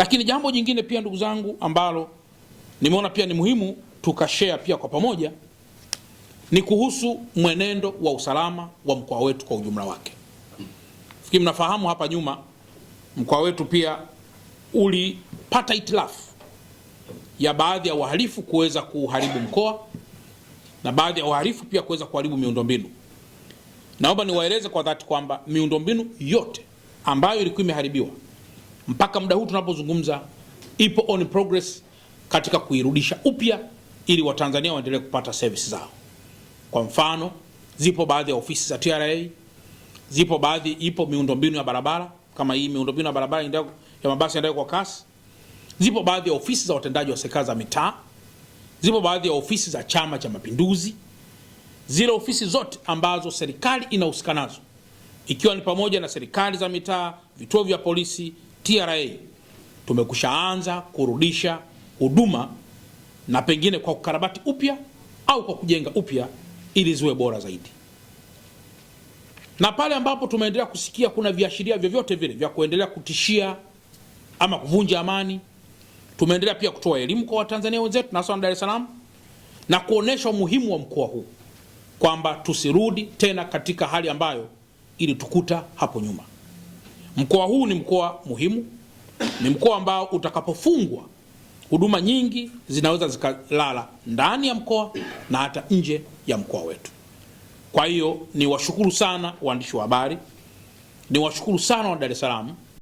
Lakini jambo jingine pia ndugu zangu, ambalo nimeona pia ni muhimu tukashare pia kwa pamoja ni kuhusu mwenendo wa usalama wa mkoa wetu kwa ujumla wake. Fikiri mnafahamu hapa nyuma mkoa wetu pia ulipata itilafu ya baadhi ya wahalifu kuweza kuharibu mkoa na baadhi ya wahalifu pia kuweza kuharibu miundombinu. Naomba niwaeleze kwa dhati kwamba miundombinu yote ambayo ilikuwa imeharibiwa mpaka muda huu tunapozungumza ipo on progress katika kuirudisha upya ili Watanzania waendelee kupata service zao. Kwa mfano, zipo baadhi ya ofisi za TRA, zipo baadhi, ipo miundombinu ya barabara kama hii miundombinu ya barabara indayo, ya mabasi yaendayo kwa kasi, zipo baadhi ya ofisi za watendaji wa serikali za mitaa, zipo baadhi ya ofisi za Chama cha Mapinduzi. Zile ofisi zote ambazo serikali inahusika nazo ikiwa ni pamoja na serikali za mitaa, vituo vya polisi TRA tumekushaanza kurudisha huduma na pengine kwa kukarabati upya au kwa kujenga upya ili ziwe bora zaidi. Na pale ambapo tumeendelea kusikia kuna viashiria vyovyote vile vya kuendelea kutishia ama kuvunja amani, tumeendelea pia kutoa elimu kwa Watanzania wenzetu na hasa Dar es Salaam na kuonesha umuhimu wa mkoa huu kwamba tusirudi tena katika hali ambayo ilitukuta hapo nyuma. Mkoa huu ni mkoa muhimu, ni mkoa ambao utakapofungwa huduma nyingi zinaweza zikalala ndani ya mkoa na hata nje ya mkoa wetu. Kwa hiyo ni washukuru sana waandishi wa habari, ni washukuru sana wa Dar es Salaam.